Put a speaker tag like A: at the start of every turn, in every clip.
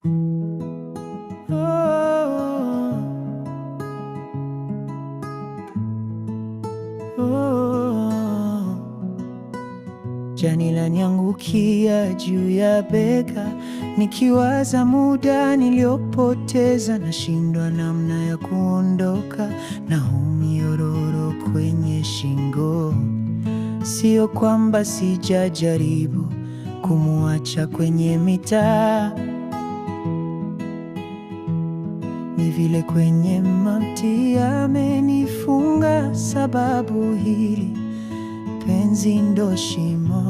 A: Oh.
B: Oh. Jani laniangukia juu ya bega, nikiwaza muda niliopoteza, nashindwa namna ya kuondoka na huu mnyororo kwenye shingo. Sio kwamba sijajaribu kumwacha kwenye mitaa ni vile kwenye mati amenifunga, sababu hili penzi ndo shimo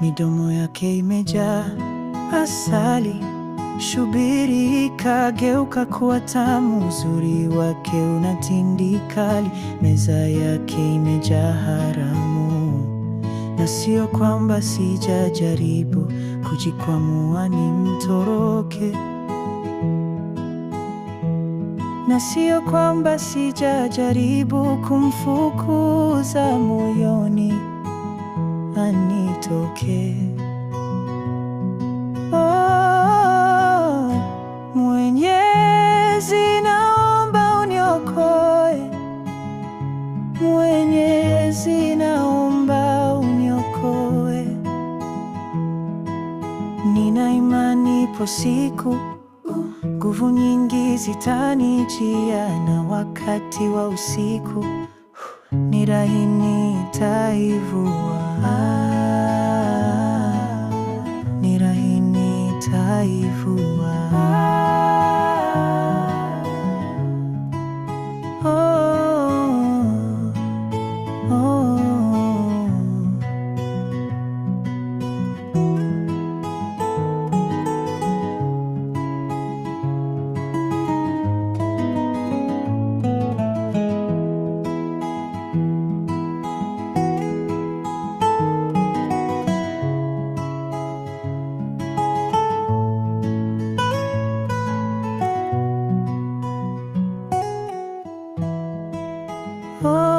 B: midomo yake imejaa asali. Shubiri ikageuka kuwa tamu, uzuri wake una tindikali. Meza yake imejaa haramu, na sio kwamba sijajaribu kujikwamua nimtoroke, na sio kwamba sijajaribu kumfukuza moyoni anitoke. Oh, Nina imani po siku nguvu nyingi zitanijia, na wakati wa usiku rahini taivua.
A: Oh.